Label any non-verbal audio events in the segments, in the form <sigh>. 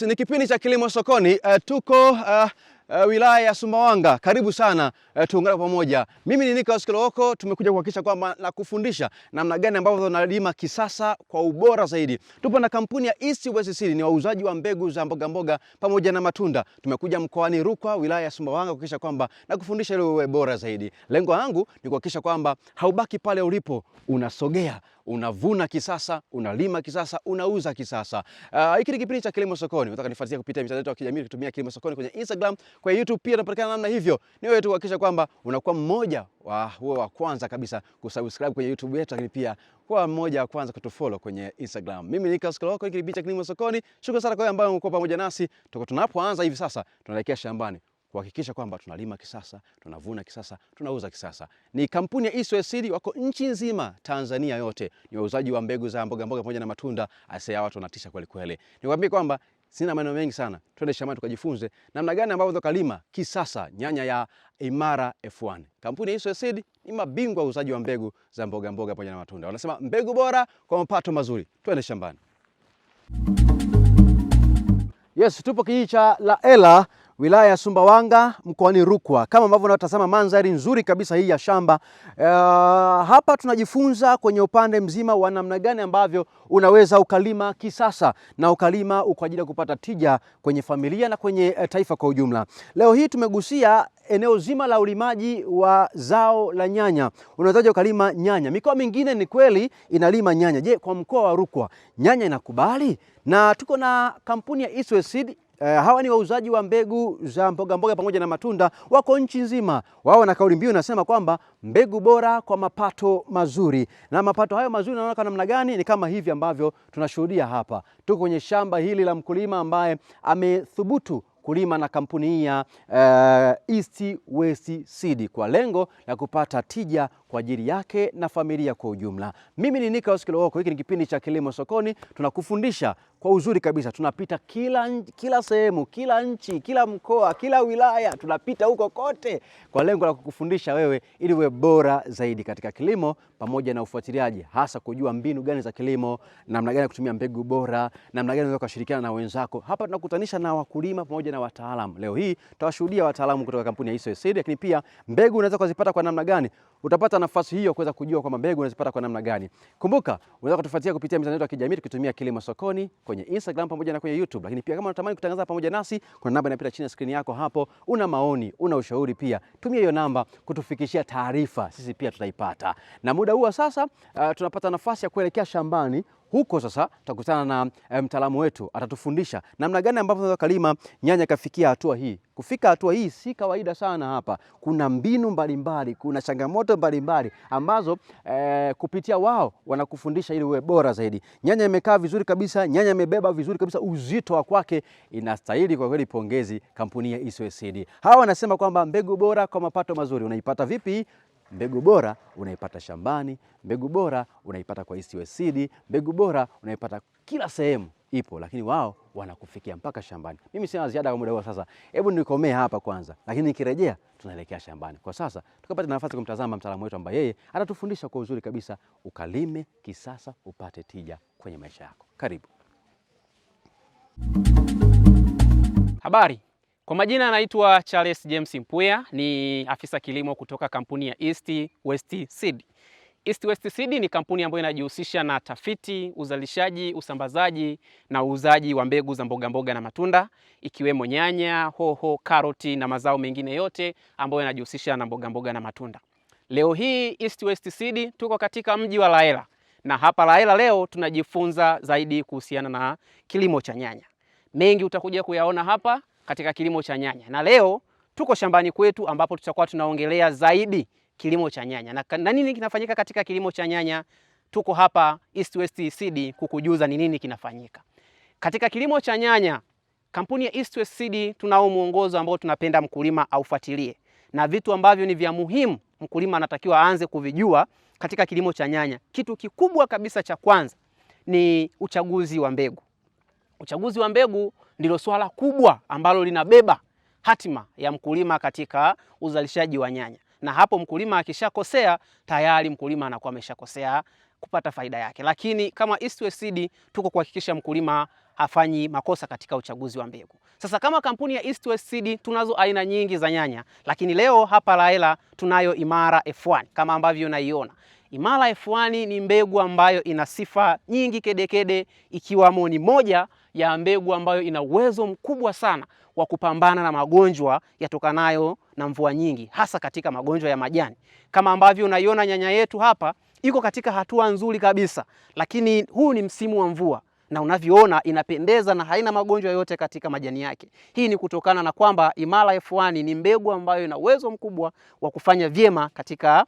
Yes, ni kipindi cha Kilimo Sokoni. Uh, tuko uh, uh, wilaya ya Sumbawanga. Karibu sana uh, tuungane pamoja. Mimi ni Nika Oskiloko, tumekuja kuhakikisha kwamba na kufundisha namna gani ambavyo tunalima kisasa kwa ubora zaidi. Tupo na kampuni ya East West Seed, ni wauzaji wa mbegu za mboga mboga pamoja na matunda. Tumekuja mkoani Rukwa, wilaya ya Sumbawanga kuhakikisha kwamba na kufundisha ile bora zaidi. Lengo langu ni kuhakikisha kwamba haubaki pale ulipo, unasogea unavuna kisasa, unalima kisasa, unauza kisasa. Ah, hiki uh, ni kipindi cha Kilimo Sokoni. Unataka nifuatilie kupitia mitandao yetu ya kijamii kutumia Kilimo Sokoni kwenye Instagram, kwa YouTube pia tunapatikana namna hivyo. Ni wewe tu kuhakikisha kwamba unakuwa mmoja wa huo wa kwanza kabisa kusubscribe kwenye YouTube yetu, lakini pia kwa mmoja wa kwanza kutufollow kwenye Instagram. Mimi ni Kaskoloko, hiki kipindi cha Kilimo Sokoni. Shukrani sana kwa wale ambao mko pamoja nasi. Tuko tunapoanza hivi sasa tunaelekea shambani kuhakikisha kwamba tunalima kisasa, tunavuna kisasa, tunauza kisasa. Ni kampuni ya East Seed, wako nchi nzima Tanzania yote, ni wauzaji wa mbegu za mboga mboga pamoja na matunda. Asea, watu wanatisha kweli kweli. Nikwambie kwamba sina maneno mengi sana, twende shambani tukajifunze namna gani ambavyo tukalima kisasa nyanya ya Imara F1. Kampuni ya East Seed ni mabingwa wauzaji wa mbegu za mboga mboga pamoja na matunda, wanasema mbegu bora kwa mapato mazuri. Twende shambani. Yes, tupo kijiji cha Laela wilaya ya Sumbawanga mkoani Rukwa, kama ambavyo unatazama mandhari nzuri kabisa hii ya shamba. Uh, hapa tunajifunza kwenye upande mzima wa namna gani ambavyo unaweza ukalima kisasa na ukalima kwa ajili ya kupata tija kwenye familia na kwenye eh, taifa kwa ujumla. Leo hii tumegusia eneo zima la ulimaji wa zao la nyanya. Unawezaje ukalima nyanya? Mikoa mingine ni kweli inalima nyanya. Je, kwa mkoa wa Rukwa nyanya inakubali? Na tuko na kampuni ya Iswe Seed Eh, hawa ni wauzaji wa mbegu za mboga mboga pamoja na matunda, wako nchi nzima. Wao na kauli mbiu nasema kwamba mbegu bora kwa mapato mazuri, na mapato hayo mazuri naona kwa namna gani? Ni kama hivi ambavyo tunashuhudia hapa. Tuko kwenye shamba hili la mkulima ambaye amethubutu kulima na kampuni hii ya uh, East West Seed kwa lengo la kupata tija kwa ajili yake na familia kwa ujumla. Mimi ni Nicholas Kilowoko. Hiki ni kipindi cha Kilimo Sokoni, tunakufundisha kwa uzuri kabisa. Tunapita kila, kila sehemu, kila nchi, kila mkoa, kila wilaya, tunapita huko kote kwa lengo la kukufundisha wewe ili uwe bora zaidi katika kilimo pamoja na ufuatiliaji, hasa kujua mbinu gani za kilimo, namna gani ya kutumia mbegu bora, namna gani unaweza kushirikiana na wenzako. Hapa tunakutanisha na wakulima pamoja na wataalamu. Leo hii tutawashuhudia wataalamu kutoka kampuni ya Isoseed, lakini pia mbegu unaweza kuzipata kwa namna gani. Utapata kupata nafasi hiyo kuweza kujua kwamba mbegu unazipata kwa namna gani. Kumbuka unaweza kutufuatia kupitia mitandao ya kijamii tukitumia Kilimo Sokoni kwenye Instagram pamoja na kwenye YouTube, lakini pia kama unatamani kutangaza pamoja nasi, kuna namba inapita chini ya skrini yako hapo. Una maoni, una ushauri, pia tumia hiyo namba kutufikishia taarifa, sisi pia tutaipata. Na muda huu sasa, uh, tunapata nafasi ya kuelekea shambani huko sasa tutakutana na e, mtaalamu wetu atatufundisha namna gani ambavyo tunaweza kalima nyanya kafikia hatua hii. Kufika hatua hii si kawaida sana hapa. Kuna mbinu mbalimbali mbali, kuna changamoto mbalimbali mbali, ambazo e, kupitia wao wanakufundisha ili uwe bora zaidi. Nyanya imekaa vizuri kabisa, nyanya imebeba vizuri kabisa uzito wa kwake, inastahili kwa kweli pongezi kampuni ya Iswesidi. Hawa wanasema kwamba mbegu bora kwa mapato mazuri. Unaipata vipi? Mbegu bora unaipata shambani, mbegu bora unaipata kwa East Seed, mbegu bora unaipata kila sehemu ipo, lakini wao wanakufikia mpaka shambani. Mimi sina ziada kwa muda huo, sasa hebu nikomee hapa kwanza, lakini nikirejea tunaelekea shambani. Kwa sasa tukapata nafasi kumtazama mtaalamu wetu ambaye yeye atatufundisha kwa uzuri kabisa, ukalime kisasa upate tija kwenye maisha yako. Karibu. Habari, kwa majina anaitwa Charles James Mpuya, ni afisa kilimo kutoka kampuni ya East West Seed. East West Seed ni kampuni ambayo inajihusisha na tafiti, uzalishaji, usambazaji na uuzaji wa mbegu za mboga mboga na matunda ikiwemo nyanya, hoho, karoti na mazao mengine yote ambayo yanajihusisha na mboga mboga na matunda. Leo hii East West Seed tuko katika mji wa Laela na hapa Laela leo tunajifunza zaidi kuhusiana na kilimo cha nyanya. Mengi utakuja kuyaona hapa katika kilimo cha nyanya, na leo tuko shambani kwetu ambapo tutakuwa tunaongelea zaidi kilimo cha nyanya na, na nini kinafanyika katika kilimo cha nyanya. Tuko hapa East West Seed kukujuza ni nini kinafanyika katika kilimo cha nyanya. Kampuni ya East West Seed tunao mwongozo ambao tunapenda mkulima aufuatilie, na vitu ambavyo ni vya muhimu mkulima anatakiwa aanze kuvijua katika kilimo cha nyanya. Kitu kikubwa kabisa cha kwanza ni uchaguzi wa mbegu. Uchaguzi wa mbegu ndilo swala kubwa ambalo linabeba hatima ya mkulima katika uzalishaji wa nyanya, na hapo mkulima akishakosea tayari mkulima anakuwa ameshakosea kupata faida yake. Lakini kama East West Seed tuko kuhakikisha mkulima hafanyi makosa katika uchaguzi wa mbegu. Sasa kama kampuni ya East West Seed tunazo aina nyingi za nyanya, lakini leo hapa Laela tunayo Imara F1 kama ambavyo unaiona. Imara F1 ni mbegu ambayo ina sifa nyingi kedekede, ikiwamo ni moja ya mbegu ambayo ina uwezo mkubwa sana wa kupambana na magonjwa yatokanayo na mvua nyingi, hasa katika magonjwa ya majani. Kama ambavyo unaiona nyanya yetu hapa iko katika hatua nzuri kabisa, lakini huu ni msimu wa mvua na unavyoona inapendeza na haina magonjwa yote katika majani yake. Hii ni kutokana na kwamba Imara F1 ni mbegu ambayo ina uwezo mkubwa wa kufanya vyema katika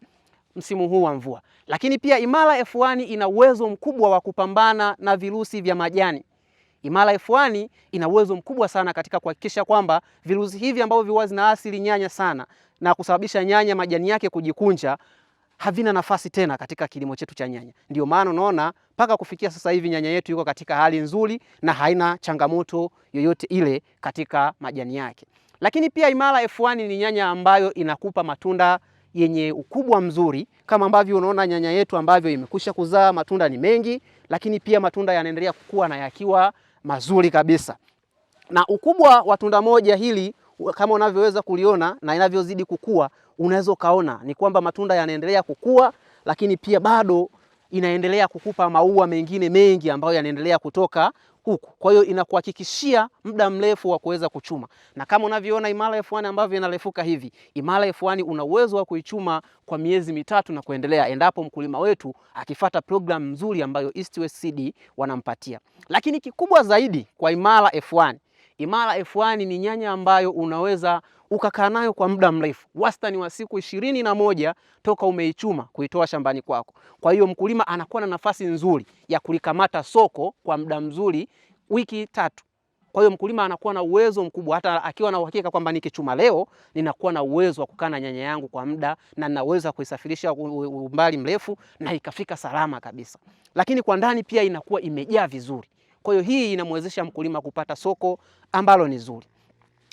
msimu huu wa mvua, lakini pia Imara F1 ina uwezo mkubwa wa kupambana na virusi vya majani Imara F1 ina uwezo mkubwa sana katika kuhakikisha kwamba virusi hivi ambavyo viwa zinaathiri nyanya sana na kusababisha nyanya majani yake kujikunja havina nafasi tena katika kilimo chetu cha nyanya. Ndio maana unaona mpaka kufikia sasa hivi nyanya yetu yuko katika hali nzuri na haina changamoto yoyote ile katika majani yake. Lakini pia Imara F1 ni nyanya ambayo inakupa matunda yenye ukubwa mzuri kama ambavyo unaona nyanya yetu ambavyo imekusha kuzaa matunda ni mengi, lakini pia matunda yanaendelea kukua na yakiwa mazuri kabisa. Na ukubwa wa tunda moja hili kama unavyoweza kuliona na inavyozidi kukua, unaweza ukaona ni kwamba matunda yanaendelea kukua, lakini pia bado inaendelea kukupa maua mengine mengi ambayo yanaendelea kutoka huku. Kwa hiyo inakuhakikishia muda mrefu wa kuweza kuchuma, na kama unavyoona Imara F1 ambavyo inarefuka hivi, Imara F1 una uwezo wa kuichuma kwa miezi mitatu na kuendelea, endapo mkulima wetu akifata programu nzuri ambayo East West Seed wanampatia. Lakini kikubwa zaidi kwa Imara F1 Imara F1 ni nyanya ambayo unaweza ukakaa nayo kwa muda mrefu, wastani wa siku ishirini na moja toka umeichuma kuitoa shambani kwako. Kwa hiyo mkulima anakuwa na nafasi nzuri ya kulikamata soko kwa muda mzuri, wiki tatu. Kwa hiyo mkulima anakuwa na uwezo mkubwa, hata akiwa na uhakika kwamba nikichuma leo ninakuwa na uwezo wa kukaa na nyanya yangu kwa muda na ninaweza kuisafirisha umbali mrefu na ikafika salama kabisa. Lakini kwa ndani pia inakuwa imejaa vizuri. Kwa hiyo hii inamwezesha mkulima kupata soko ambalo ni zuri.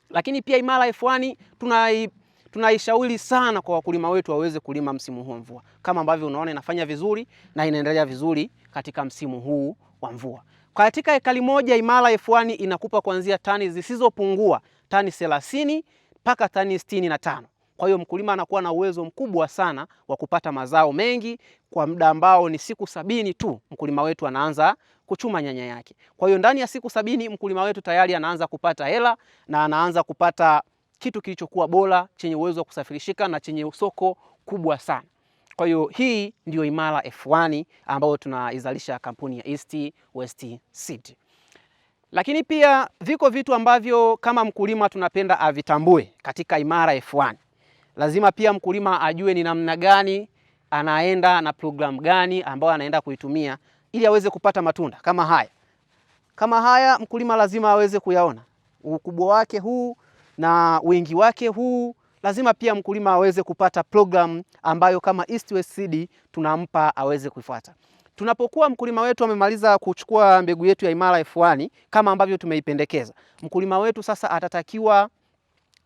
Lakini pia Imara F1 tunai tunaishauri sana kwa wakulima wetu waweze kulima msimu huu wa mvua, kama ambavyo unaona inafanya vizuri na inaendelea vizuri katika msimu huu wa mvua. Katika ekari moja Imara F1 inakupa kuanzia tani zisizopungua tani 30 mpaka tani 65. Kwa hiyo mkulima anakuwa na uwezo mkubwa sana wa kupata mazao mengi kwa muda ambao ni siku sabini tu, mkulima wetu anaanza kuchuma nyanya yake. Kwa hiyo ndani ya siku sabini mkulima wetu tayari anaanza kupata hela na anaanza kupata kitu kilichokuwa bora chenye uwezo wa kusafirishika na chenye soko kubwa sana. Kwa hiyo hii ndiyo Imara F1 ambayo tunaizalisha kampuni ya East West Seed. Lakini pia viko vitu ambavyo kama mkulima tunapenda avitambue katika Imara F1 lazima pia mkulima ajue ni namna gani anaenda na program gani ambayo anaenda kuitumia ili aweze kupata matunda kama haya. Kama haya mkulima lazima aweze kuyaona ukubwa wake huu na wingi wake huu, lazima pia mkulima aweze kupata program ambayo kama East West Seed tunampa aweze kuifuata. Tunapokuwa mkulima wetu amemaliza kuchukua mbegu yetu ya Imara F1 kama ambavyo tumeipendekeza, mkulima wetu sasa atatakiwa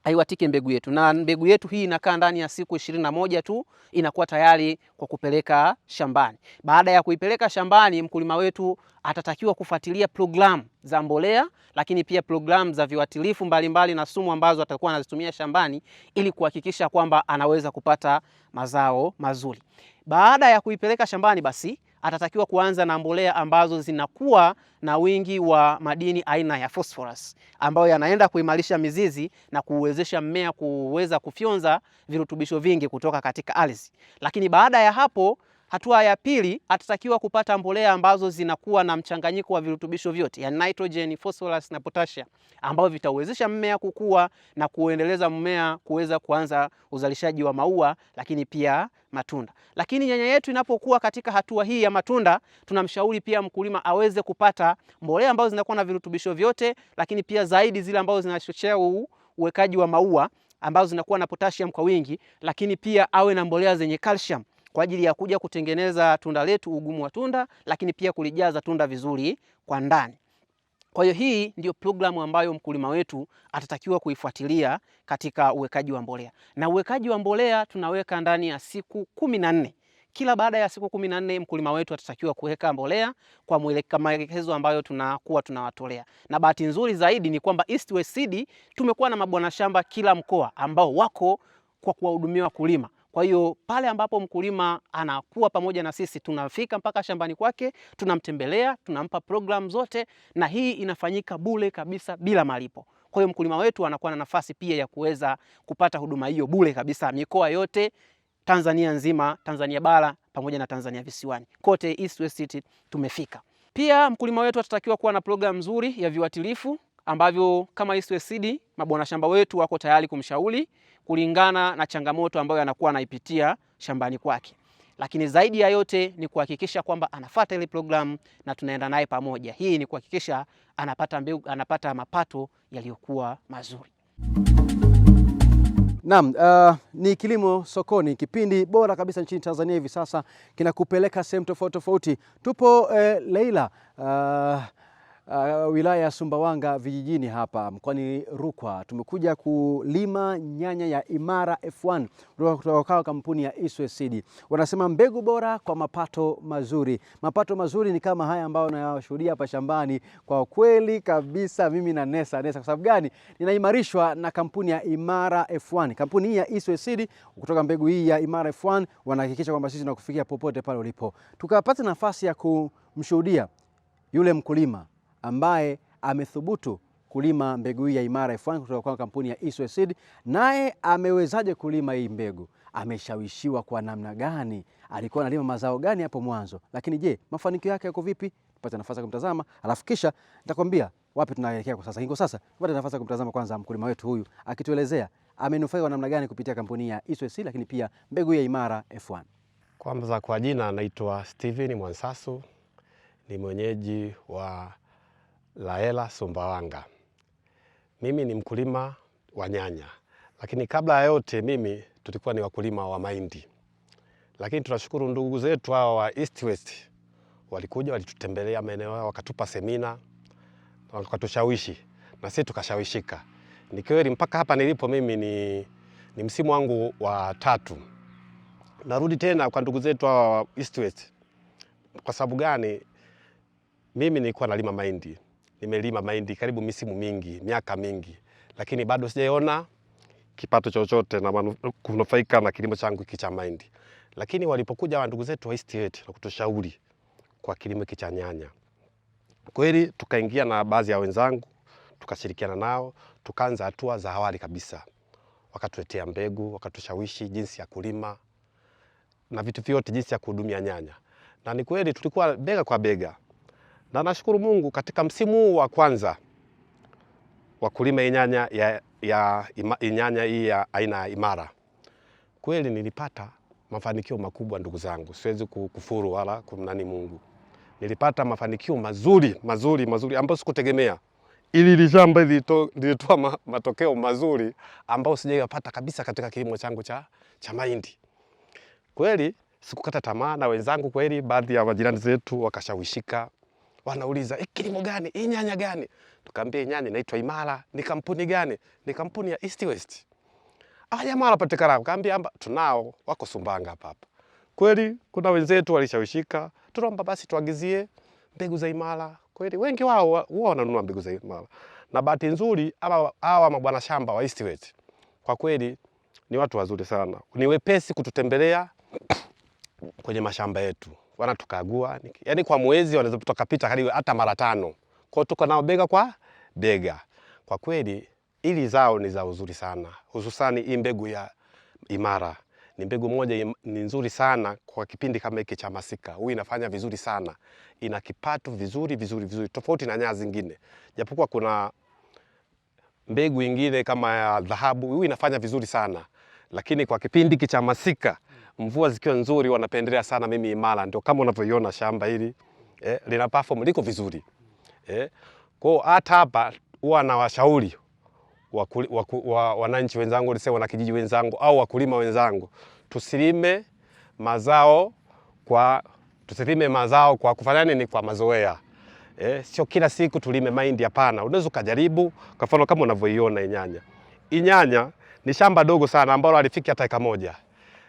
haiwatiki mbegu yetu, na mbegu yetu hii inakaa ndani ya siku ishirini na moja tu inakuwa tayari kwa kupeleka shambani. Baada ya kuipeleka shambani, mkulima wetu atatakiwa kufuatilia programu za mbolea, lakini pia programu za viuatilifu mbalimbali na sumu ambazo atakuwa anazitumia shambani ili kuhakikisha kwamba anaweza kupata mazao mazuri. Baada ya kuipeleka shambani basi atatakiwa kuanza na mbolea ambazo zinakuwa na wingi wa madini aina ya phosphorus ambayo yanaenda kuimarisha mizizi na kuwezesha mmea kuweza kufyonza virutubisho vingi kutoka katika ardhi. Lakini baada ya hapo Hatua ya pili, atatakiwa kupata mbolea ambazo zinakuwa na mchanganyiko wa virutubisho vyote, ya nitrogen, phosphorus na potassium, ambavyo vitauwezesha mmea kukua na kuendeleza mmea kuweza kuanza uzalishaji wa maua, lakini pia matunda. Lakini nyanya yetu inapokuwa katika hatua hii ya matunda, tunamshauri pia mkulima aweze kupata mbolea ambazo zinakuwa na virutubisho vyote, lakini pia zaidi zile ambazo zinachochea uwekaji wa maua ambazo zinakuwa na potassium kwa wingi, lakini pia awe na mbolea zenye calcium kwa ajili ya kuja kutengeneza tunda letu, ugumu wa tunda, lakini pia kulijaza tunda vizuri kwa ndani. Kwa hiyo hii ndio programu ambayo mkulima wetu atatakiwa kuifuatilia katika uwekaji wa mbolea, na uwekaji wa mbolea tunaweka ndani ya siku kumi na nne. Kila baada ya siku kumi na nne mkulima wetu atatakiwa kuweka mbolea kwa maelekezo ambayo tunakuwa tunawatolea, na bahati nzuri zaidi ni kwamba East West Seed tumekuwa na mabwana shamba kila mkoa ambao wako kwa kuwahudumia wakulima. Kwa hiyo pale ambapo mkulima anakuwa pamoja na sisi, tunafika mpaka shambani kwake, tunamtembelea, tunampa program zote, na hii inafanyika bure kabisa bila malipo. Kwa hiyo mkulima wetu anakuwa na nafasi pia ya kuweza kupata huduma hiyo bure kabisa, mikoa yote Tanzania nzima, Tanzania bara pamoja na Tanzania visiwani, kote East West City tumefika. Pia mkulima wetu atatakiwa kuwa na programu nzuri ya viuatilifu ambavyo kama East West mabwana shamba wetu wako tayari kumshauri kulingana na changamoto ambayo anakuwa anaipitia shambani kwake, lakini zaidi ya yote ni kuhakikisha kwamba anafata ile programu na tunaenda naye pamoja. Hii ni kuhakikisha anapata mbegu, anapata mapato yaliyokuwa mazuri. Naam, uh, ni Kilimo Sokoni, kipindi bora kabisa nchini Tanzania hivi sasa kinakupeleka sehemu tofauti tofauti. Tupo uh, Leila uh, uh, wilaya ya Sumbawanga vijijini hapa mkoani Rukwa. Tumekuja kulima nyanya ya Imara F1 kutoka kampuni ya Iswe Seed. Wanasema mbegu bora kwa mapato mazuri. Mapato mazuri ni kama haya ambayo nayashuhudia hapa shambani. Kwa kweli kabisa mimi na Nesa Nesa, kwa sababu gani? Ninaimarishwa na kampuni ya Imara F1. Kampuni hii ya Iswe Seed kutoka mbegu hii ya Imara F1 wanahakikisha kwamba sisi tunakufikia popote pale ulipo. Tukapata nafasi ya kumshuhudia yule mkulima ambaye amethubutu kulima mbegu hii ya Imara F1 kutoka kwa kampuni ya Iswe Seed. Naye amewezaje kulima hii mbegu? Ameshawishiwa kwa namna gani? Alikuwa analima mazao gani hapo mwanzo? Lakini je, mafanikio yake yako vipi? Tupate nafasi ya kumtazama, alafu kisha nitakwambia wapi tunaelekea kwa sasa. Ingo sasa tupate nafasi ya kumtazama kwanza mkulima wetu huyu akituelezea amenufaika namna gani kupitia kampuni ya Iswe Seed, lakini pia mbegu ya Imara F1. Kwanza kwa jina, anaitwa Steven Mwansasu, ni mwenyeji wa Laela Sumbawanga. Mimi ni mkulima wa nyanya, lakini kabla ya yote mimi tulikuwa ni wakulima wa mahindi, lakini tunashukuru ndugu zetu hawa wa East West walikuja walitutembelea maeneo yao, wakatupa semina, wakatushawishi na sisi tukashawishika. Ni kweli mpaka hapa nilipo mimi ni, ni msimu wangu wa tatu. Narudi tena kwa ndugu zetu hawa wa East West. Kwa sababu gani? Mimi nilikuwa nalima mahindi nimelima mahindi karibu misimu mingi, miaka mingi, lakini bado sijaona kipato chochote na kunufaika na kilimo changu hiki cha mahindi. Lakini walipokuja wa ndugu zetu wa East Aid na kutushauri kwa kilimo hiki cha nyanya, kweli tukaingia na baadhi ya wenzangu tukashirikiana nao, tukaanza hatua za awali kabisa. Wakatuletea mbegu, wakatushawishi jinsi ya kulima na vitu vyote, jinsi ya kuhudumia nyanya, na ni kweli tulikuwa bega kwa bega na nashukuru Mungu katika msimu huu wa kwanza wa kulima inyanya ya, ya ima, inyanya hii ya aina ya Imara kweli nilipata mafanikio makubwa ndugu zangu, siwezi kukufuru wala kumnani Mungu. Nilipata mafanikio mazuri mazuri mazuri ambayo sikutegemea, ili lishamba lilitoa ma, matokeo mazuri ambayo sijaipata kabisa katika kilimo changu cha, cha mahindi. Kweli sikukata tamaa, na wenzangu kweli, baadhi ya majirani zetu wakashawishika wanauliza hii eh, kilimo gani? Hii nyanya gani? Tukaambia nyanya inaitwa Imara. Ni kampuni gani? Ni kampuni ya East West. Ah, jamaa wanapatikana. Kaambia amba tunao wako Sumbanga hapa hapa. Kweli kuna wenzetu walishawishika. Tunaomba basi tuagizie mbegu za Imara. Kweli wengi wao huwa wananunua mbegu za Imara. Na bahati nzuri hawa mabwana shamba wa East West. Kwa kweli ni watu wazuri sana. Ni wepesi kututembelea kwenye mashamba yetu wanatukagua, yani kwa mwezi wanaweza tukapita karibu hata mara tano. Kwa tuko nao bega kwa bega. Kwa kweli ili zao ni za uzuri sana, hususani hii mbegu ya Imara ni mbegu moja ni nzuri sana kwa kipindi kama hiki cha masika. Huyu inafanya vizuri sana, ina kipato vizuri vizuri vizuri, tofauti na nyanya zingine, japokuwa kuna mbegu ingine kama ya dhahabu, huyu inafanya vizuri sana, lakini kwa kipindi hiki cha masika mvua zikiwa nzuri wanapendelea sana mimi imara, ndio kama unavyoiona shamba hili eh, lina perform liko vizuri eh. Kwa hiyo hata hapa huwa nawashauri wananchi wenzangu, walisema kijiji wenzangu au wakulima wenzangu, tusilime mazao kwa tusilime mazao kwa kufanya nini? Kwa mazoea eh, sio kila siku tulime mahindi, hapana. Unaweza ukajaribu, kwa mfano kama unavyoiona inyanya. Inyanya ni shamba dogo sana ambalo alifiki hata eka moja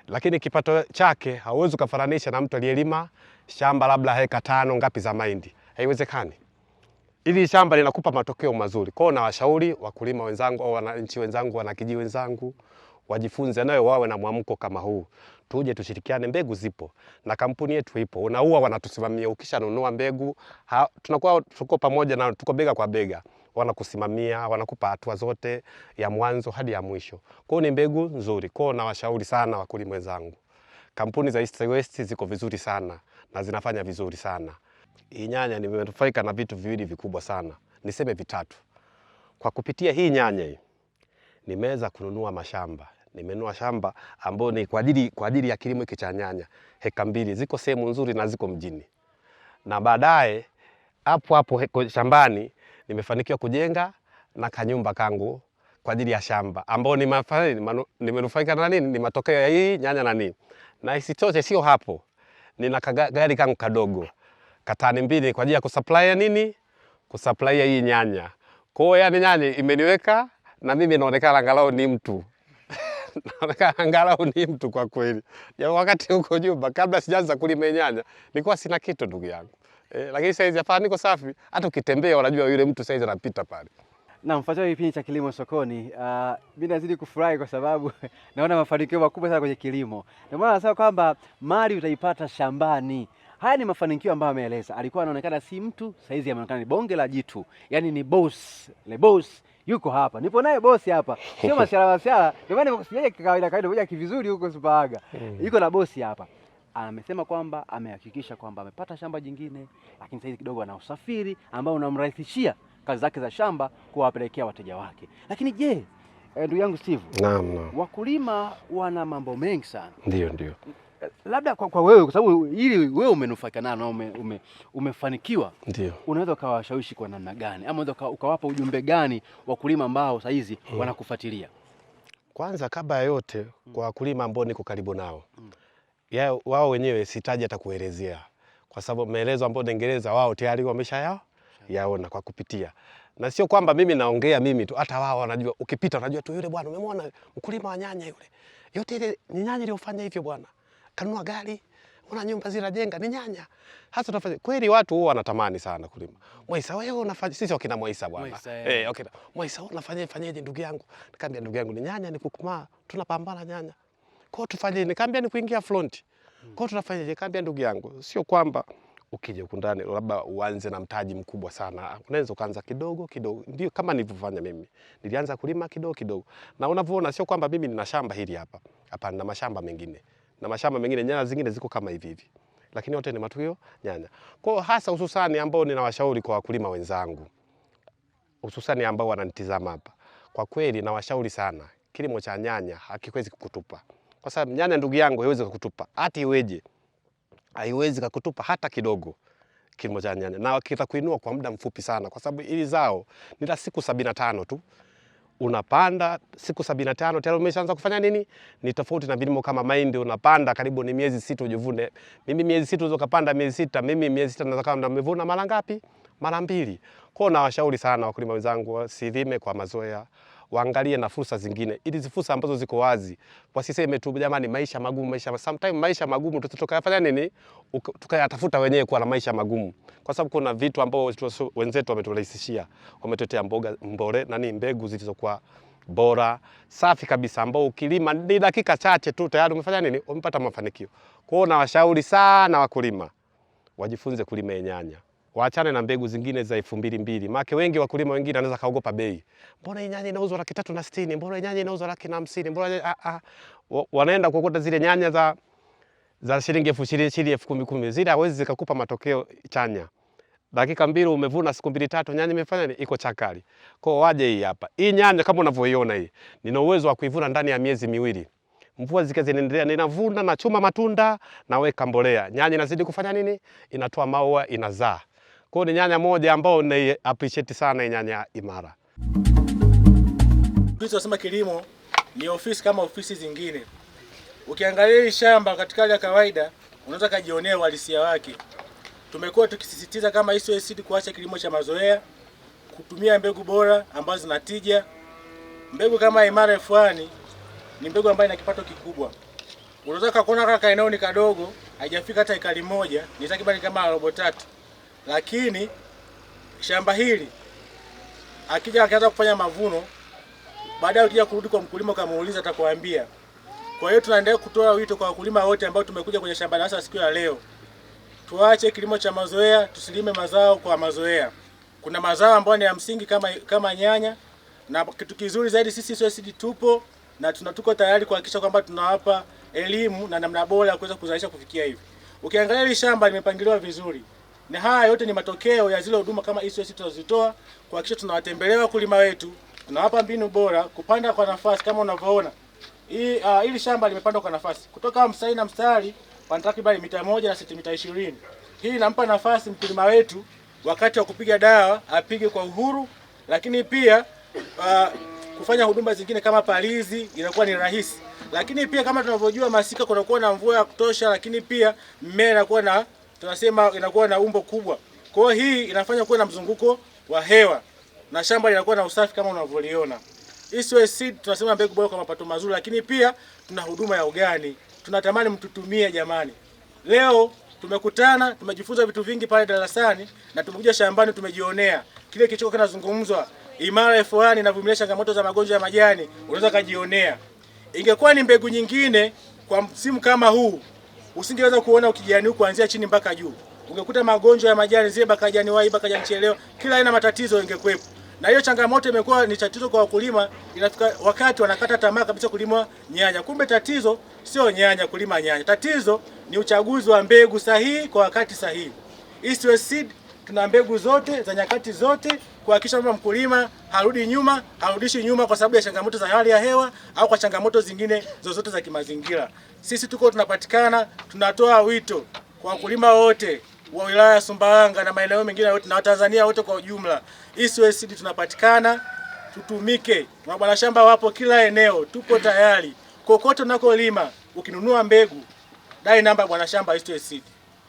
lakini kipato chake hauwezi ukafananisha na mtu aliyelima shamba labda heka tano ngapi za mahindi, haiwezekani. Ili shamba linakupa matokeo mazuri kwao. Nawashauri wakulima wenzangu au wananchi wenzangu, kijiji wenzangu wajifunze nayo, wawe na mwamko kama huu. Tuje tushirikiane, mbegu zipo na kampuni yetu ipo, unaua wanatusimamia. Ukishanunua mbegu, tunakuwa tuko pamoja na tuko bega kwa bega wanakusimamia, wanakupa hatua zote ya mwanzo hadi ya mwisho. Kwao ni mbegu nzuri. Kwao nawashauri sana wakulima wenzangu, kampuni za East West ziko vizuri sana na zinafanya vizuri sana. Hii nyanya nimenufaika na vitu viwili vikubwa sana, niseme vitatu. Kwa kupitia hii nyanya hii nimeweza kununua mashamba nimenua shamba ambayo ni kwa ajili kwa ajili ya kilimo hiki cha nyanya heka mbili, ziko sehemu nzuri na ziko mjini, na baadaye hapo hapo shambani nimefanikiwa kujenga na kanyumba kangu kwa ajili ya shamba ambao nimenufaika na nini, ni matokeo ya hii nyanya na nini. Na isitoshe sio hapo, nina gari kangu kadogo katani mbili kwa ajili ya kusupply ya nini, kusupply ya hii nyanya. Kwa hiyo yani nyanya imeniweka na mimi naonekana angalau ni mtu <laughs> naonekana angalau ni mtu kwa kweli, Ya wakati huko nyumba, kabla sijaanza kulima nyanya, nilikuwa sina kitu ndugu yangu eh, lakini saizi hapa niko safi, hata ukitembea unajua yule mtu saizi anapita pale. Na mfuatao kipindi cha Kilimo Sokoni, uh, mimi nazidi kufurahi kwa sababu <laughs> naona mafanikio makubwa sana kwenye kilimo. Ndio maana nasema kwamba mali utaipata shambani. Haya ni mafanikio ambayo ameeleza. Alikuwa anaonekana si mtu, saizi ameonekana ni bonge la jitu, yaani ni boss, le boss yuko hapa, nipo naye boss hapa, sio masiara masiara. Ndio maana nimekusijia kawaida kawaida, moja kivizuri huko Supawaga, hmm. yuko na boss hapa amesema kwamba amehakikisha kwamba amepata shamba jingine, lakini sasa kidogo ana usafiri ambao unamrahisishia kazi zake za shamba kuwapelekea wateja wake. Lakini je, eh, ndugu yangu Steve, naam, naam. Wakulima wana mambo mengi sana, ndio ndio labda kwa, kwa wewe kwa sababu ili wewe umenufaika na ume, ume, umefanikiwa ndio, unaweza ukawashawishi kwa namna gani, ama unaweza ukawapa ujumbe gani wakulima ambao sahizi hizi hmm. wanakufuatilia? Kwanza kabla ya yote, kwa wakulima ambao niko karibu nao hmm ya wao wenyewe sitaji hata kuelezea, kwa sababu maelezo ambayo Uingereza wao tayari wamesha yao yaona kwa kupitia, na sio kwamba mimi naongea mimi tu, hata wao wanajua. Ukipita unajua tu, yule bwana umemwona mkulima wa nyanya yule, yote ile ni nyanya iliyofanya hivyo bwana, kanunua gari una nyumba zile jenga ni nyanya hasa tunafanya kweli. Watu huwa wanatamani sana kulima. Mwaisa wewe unafanya, sisi wakina Mwaisa bwana eh, hey, eh, okay. Mwaisa unafanya fanyaje ndugu yangu? Nikamwambia ndugu yangu, ni nyanya ni kukumaa, tunapambana nyanya kwa tufanye, nikamwambia ni kuingia front. Kwa tunafanya, Kambia ndugu yangu, sio kwamba ukija ukundane labda uanze na mtaji mkubwa sana. Unaweza kuanza kidogo kidogo, ndio kama nilivyofanya mimi. Nilianza kulima kidogo kidogo, na unavyoona sio kwamba mimi nina shamba hili hapa, hapana, na mashamba mengine na mashamba mengine, nyanya zingine ziko kama hivi hivi, lakini yote ni matukio nyanya. Kwa hasa hususani ambao ninawashauri kwa wakulima wenzangu, hususani ambao wananitizama hapa, kwa kweli nawashauri sana, kilimo cha nyanya hakiwezi kukutupa kwa sababu nyanya ndugu yangu haiwezi kukutupa hata iweje, haiwezi kukutupa hata kidogo kilimo cha nyanya, na kitakuinua kwa muda mfupi sana, kwa sababu ili zao ni la siku sabini na tano tu unapanda siku sabini na tano tayari umeshaanza kufanya nini. Ni tofauti na vilimo kama mahindi, unapanda karibu ni miezi sita ujivune. Mimi miezi sita uzo kapanda miezi sita, mimi miezi sita naweza kama nimevuna mara ngapi? Mara mbili. Kwao nawashauri sana wakulima wenzangu wasilime kwa mazoea waangalie na fursa zingine, ili hizi fursa ambazo ziko wazi wasiseme tu jamani, maisha magumu, maisha sometimes maisha magumu tutakayafanya nini, tukayatafuta wenyewe kuwa na maisha magumu, kwa sababu kuna vitu ambao wenzetu wameturahisishia, wametetea mboga mbore nani, mbegu zilizokuwa bora safi kabisa, ambao ukilima ni dakika chache tu tayari umefanya nini, umepata mafanikio. Kwa hiyo nawashauri sana wakulima wajifunze kulima nyanya waachane na mbegu zingine za elfu mbili mbili. Maana wengi wakulima wengine wanaweza kaogopa bei, mbona nyanya inauzwa laki tatu na sitini, mbona nyanya inauzwa laki na hamsini, mbona ah, ah. a a, wanaenda kuokota zile nyanya za za shilingi elfu ishirini ishirini elfu kumi kumi, zile hawezi zikakupa matokeo chanya. Dakika mbili umevuna, siku mbili tatu, nyanya imefanya iko chakali. Kwa hiyo waje hii hapa, hii nyanya kama unavyoiona hii, nina uwezo wa kuivuna ndani ya miezi miwili mvua zika zinaendelea, ninavuna nachuma matunda, naweka mbolea, nyanya inazidi kufanya nini, inatoa maua, inazaa. Kwa ni nyanya moja ambao na appreciate sana nyanya imara. Kristo anasema kilimo ni ofisi kama ofisi zingine. Ukiangalia hii shamba katika hali ya kawaida, unaweza kujionea uhalisia wake. Tumekuwa tukisisitiza kama hizo SOS kuacha kilimo cha mazoea, kutumia mbegu bora ambazo zina tija. Mbegu kama Imara F1 ni mbegu ambayo ina kipato kikubwa. Unaweza kuona kaka eneo ni kadogo, haijafika hata ekari moja, ni takriban kama robo tatu lakini shamba hili akija akaanza kufanya mavuno baadaye, ukija kurudi kwa mkulima ukamuuliza, atakwambia. Kwa hiyo tunaendelea kutoa wito kwa wakulima wote ambao tumekuja kwenye shamba la siku ya leo, tuache kilimo cha mazoea, tusilime mazao kwa mazoea. Kuna mazao ambayo ni ya msingi kama, kama nyanya na kitu kizuri zaidi sisi SOSD tupo na tunatuko tayari kuhakikisha kwamba tunawapa elimu na namna bora ya kuweza kuzalisha kufikia hivi. Ukiangalia hili shamba limepangiliwa vizuri na haya yote ni matokeo ya zile huduma kama sisi tunazitoa kuhakikisha tunawatembelea wakulima wetu, tunawapa mbinu bora kupanda kwa nafasi. Kama unavyoona hii uh, hili shamba limepandwa kwa nafasi kutoka mstari na mstari kwa takriban mita moja na sentimita ishirini. Hii inampa nafasi mkulima wetu wakati wa kupiga dawa apige kwa uhuru, lakini pia uh, kufanya huduma zingine kama palizi inakuwa ni rahisi, lakini pia kama tunavyojua masika kunakuwa na mvua ya kutosha, lakini pia mmea inakuwa na tunasema inakuwa na umbo kubwa. Kwa hiyo hii inafanya kuwe na mzunguko wa hewa na shamba linakuwa na usafi kama unavyoliona. Isiwe seed tunasema mbegu bora kwa mapato mazuri, lakini pia tuna huduma ya ugani. Tunatamani mtutumie jamani. Leo tumekutana, tumejifunza vitu vingi pale darasani na tumekuja shambani tumejionea. Kile kilicho kinazungumzwa imara fulani inavumilia changamoto za magonjwa ya majani, unaweza kujionea. Ingekuwa ni mbegu nyingine kwa msimu kama huu usingeweza kuona ukijani kuanzia chini mpaka juu. Ungekuta magonjwa ya majani zile bakajani wai, bakajani chelewa, kila aina matatizo yangekuwepo. Na hiyo changamoto imekuwa ni tatizo kwa wakulima, inafika wakati wanakata tamaa kabisa kulima nyanya. Kumbe tatizo sio nyanya, kulima nyanya, tatizo ni uchaguzi wa mbegu sahihi kwa wakati sahihi. Eastwest Seed tuna mbegu zote za nyakati zote kuhakikisha kwamba mkulima harudi nyuma, harudishi nyuma kwa sababu ya changamoto za hali ya hewa au kwa changamoto zingine zozote za kimazingira. Sisi tuko tunapatikana, tunatoa wito kwa wakulima wote wa wilaya ya Sumbawanga na maeneo mengine yote na Watanzania wote kwa ujumla. East tunapatikana, tutumike. Mabwana shamba wapo kila eneo, tupo tayari. Kokote unakolima ukinunua mbegu, dai namba bwana shamba East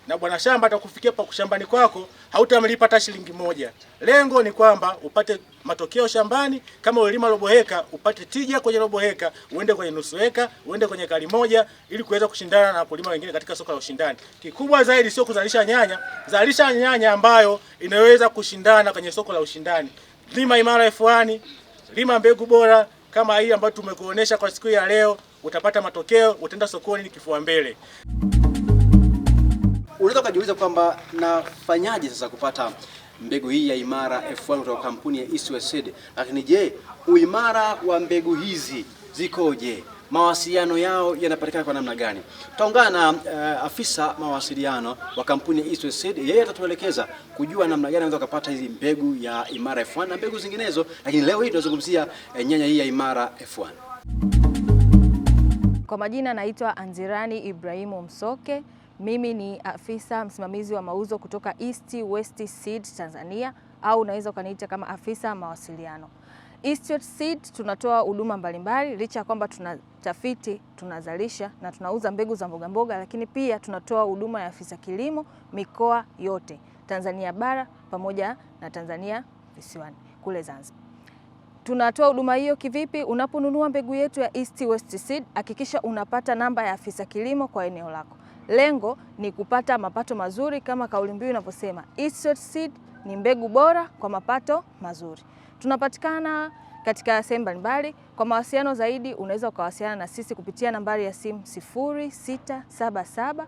na bwana shamba atakufikia pa kushambani kwako, hautamlipa hata shilingi moja. Lengo ni kwamba upate matokeo shambani. Kama ulima robo heka, upate tija kwenye robo heka, uende kwenye nusu heka, uende kwenye kali moja, ili kuweza kushindana na wakulima wengine katika soko la ushindani. Kikubwa zaidi sio kuzalisha nyanya, zalisha nyanya ambayo inaweza kushindana kwenye soko la ushindani. Lima Imara F1, lima mbegu bora kama hii ambayo tumekuonesha kwa siku ya leo, utapata matokeo, utaenda sokoni ni kifua mbele unaweza ukajiuliza kwamba nafanyaje sasa kupata mbegu hii ya Imara F1 kutoka kampuni ya East West Seed. Lakini je, uimara wa mbegu hizi zikoje? Mawasiliano yao yanapatikana kwa namna gani? Tutaungana na uh, afisa mawasiliano wa kampuni ya East West Seed. Yeye atatuelekeza kujua namna gani unaweza kupata hizi mbegu ya Imara F1 na mbegu zinginezo, lakini leo hii tunazungumzia eh, nyanya hii ya Imara F1. Kwa majina naitwa Anzirani Ibrahimu Msoke. Mimi ni afisa msimamizi wa mauzo kutoka East West Seed Tanzania, au unaweza ukaniita kama afisa mawasiliano. East Seed tunatoa huduma mbalimbali, licha ya kwamba tunatafiti, tunazalisha na tunauza mbegu za mbogamboga, lakini pia tunatoa huduma ya afisa kilimo mikoa yote Tanzania bara pamoja na Tanzania visiwani kule Zanzibar. Tunatoa huduma hiyo kivipi? Unaponunua mbegu yetu ya East West Seed, hakikisha unapata namba ya afisa kilimo kwa eneo lako lengo ni kupata mapato mazuri kama kauli mbiu inavyosema, Eastshot Seed ni mbegu bora kwa mapato mazuri. Tunapatikana katika sehemu mbalimbali. Kwa mawasiliano zaidi, unaweza ukawasiliana na sisi kupitia nambari ya simu 0677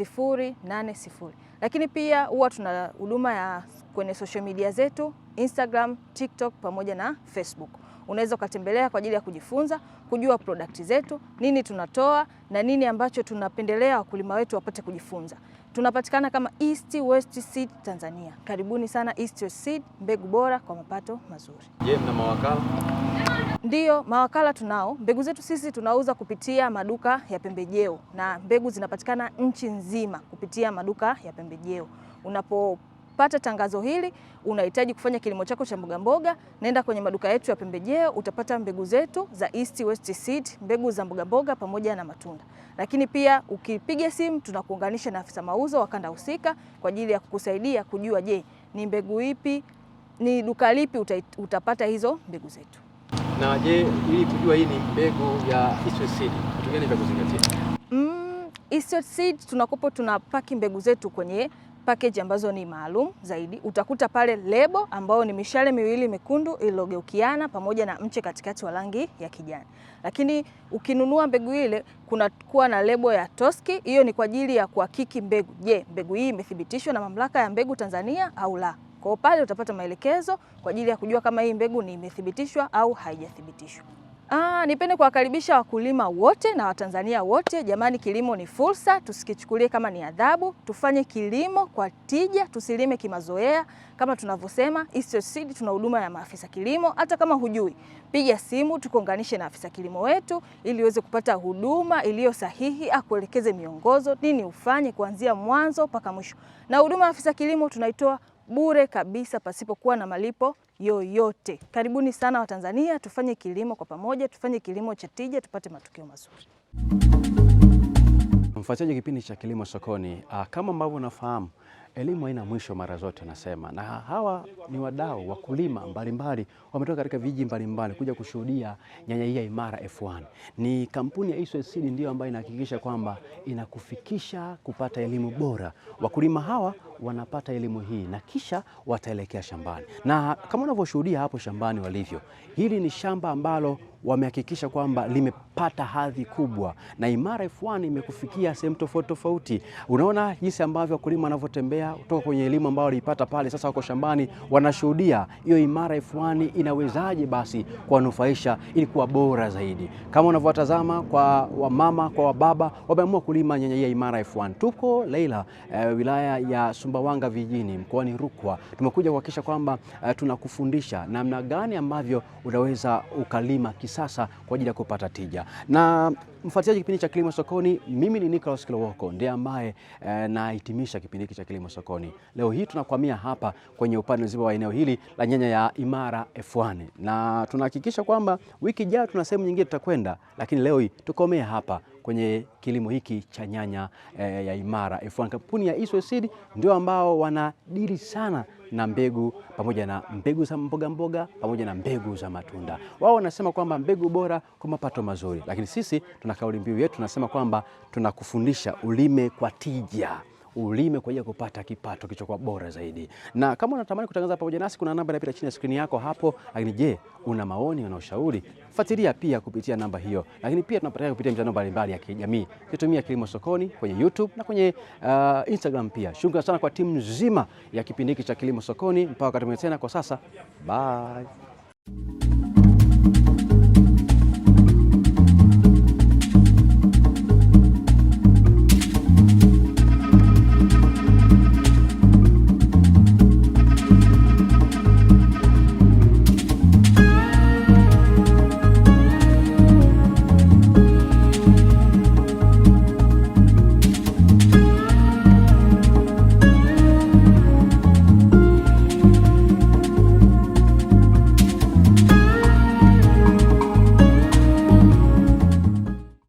009 lakini pia huwa tuna huduma ya kwenye social media zetu Instagram, TikTok pamoja na Facebook unaweza ukatembelea kwa ajili ya kujifunza, kujua product zetu nini tunatoa na nini ambacho tunapendelea wakulima wetu wapate kujifunza. Tunapatikana kama East West Seed Tanzania. Karibuni sana East West Seed, mbegu bora kwa mapato mazuri. Je, mna mawakala? Ndiyo, mawakala tunao. Mbegu zetu sisi tunauza kupitia maduka ya pembejeo na mbegu zinapatikana nchi nzima kupitia maduka ya pembejeo unapo kupata tangazo hili unahitaji kufanya kilimo chako cha mboga mboga. Nenda kwenye maduka yetu ya pembejeo, utapata mbegu zetu za East West Seed, mbegu za mboga mboga pamoja na matunda. Lakini pia ukipiga simu, tunakuunganisha na afisa mauzo wa kanda husika kwa ajili ya kukusaidia kujua, je, ni mbegu ipi, ni duka lipi utapata hizo mbegu zetu. Na je, ili kujua hii ni mbegu ya East West Seed, kitu gani cha kuzingatia? Mm, East West Seed tunakopo tunapaki mbegu zetu kwenye package ambazo ni maalum zaidi. Utakuta pale lebo ambayo ni mishale miwili mekundu iliyogeukiana pamoja na mche katikati wa rangi ya kijani. Lakini ukinunua mbegu ile kunakuwa na lebo ya Toski, hiyo ni kwa ajili ya kuhakiki mbegu. Je, mbegu hii imethibitishwa na mamlaka ya mbegu Tanzania au la? Kwa pale utapata maelekezo kwa ajili ya kujua kama hii mbegu ni imethibitishwa au haijathibitishwa. Ah, nipende kuwakaribisha wakulima wote na Watanzania wote. Jamani, kilimo ni fursa, tusikichukulie kama ni adhabu. Tufanye kilimo kwa tija, tusilime kimazoea. Kama tunavyosema Eastern Seed tuna huduma ya maafisa kilimo. Hata kama hujui, piga simu tukuunganishe na afisa kilimo wetu ili uweze kupata huduma iliyo sahihi, akuelekeze miongozo nini ufanye kuanzia mwanzo mpaka mwisho. Na huduma ya afisa kilimo tunaitoa bure kabisa pasipokuwa na malipo yoyote. Karibuni sana Watanzania, tufanye kilimo kwa pamoja, tufanye kilimo cha tija, tupate matokeo mazuri. Mfuatiliaji kipindi cha Kilimo Sokoni, ah, kama ambavyo unafahamu elimu haina mwisho, mara zote nasema, na hawa ni wadau wakulima mbalimbali wametoka katika vijiji mbalimbali kuja kushuhudia nyanya Nyanyaiya Imara F1. Ni kampuni ya Iswa Seed ndiyo ambayo inahakikisha kwamba inakufikisha kupata elimu bora. Wakulima hawa wanapata elimu hii na kisha wataelekea shambani, na kama unavyoshuhudia hapo shambani walivyo, hili ni shamba ambalo wamehakikisha kwamba limepata hadhi kubwa, na Imara F1 imekufikia sehemu tofauti tofauti. Unaona jinsi ambavyo wakulima wanavyotembea kutoka kwenye elimu ambayo waliipata pale, sasa wako shambani, wanashuhudia hiyo Imara F1 inawezaje basi kuwanufaisha ili kuwa bora zaidi. Kama unavyowatazama kwa wamama, kwa wababa, wameamua kulima nyanya ya Imara F1. Tuko Leila, eh, wilaya ya Sumbawanga vijijini mkoani Rukwa. Tumekuja kuhakikisha kwamba uh, tunakufundisha namna gani ambavyo unaweza ukalima kisasa kwa ajili ya kupata tija na Mfuatiliaji kipindi cha Kilimo Sokoni, mimi ni Nicholas Kilowoko ndiye ambaye eh, nahitimisha kipindi hiki cha Kilimo Sokoni. Leo hii tunakwamia hapa kwenye upande mzima wa eneo hili la nyanya ya Imara F1 na tunahakikisha kwamba wiki ijayo tuna sehemu nyingine tutakwenda, lakini leo hii tukomee hapa kwenye kilimo hiki cha nyanya eh, ya Imara F1. Kampuni ya Iswa Seed ndio ambao wanadili sana na mbegu pamoja na mbegu za mboga mboga pamoja na mbegu za matunda. Wao wanasema kwamba mbegu bora kwa mapato mazuri, lakini sisi tuna kauli mbiu yetu, tunasema kwamba tunakufundisha ulime kwa tija ulime kwa ajili ya kupata kipato kilichokuwa bora zaidi. Na kama unatamani kutangaza pamoja nasi, kuna namba inapita chini ya skrini yako hapo. Lakini je, una maoni na ushauri? Fuatilia pia kupitia namba hiyo, lakini pia tunapatikana kupitia mitandao mbalimbali ya kijamii, tutumia Kilimo Sokoni kwenye YouTube na kwenye uh, Instagram pia. Shukrani sana kwa timu nzima ya kipindi hiki cha Kilimo Sokoni. Mpaka wakati mwingine tena, kwa sasa bye.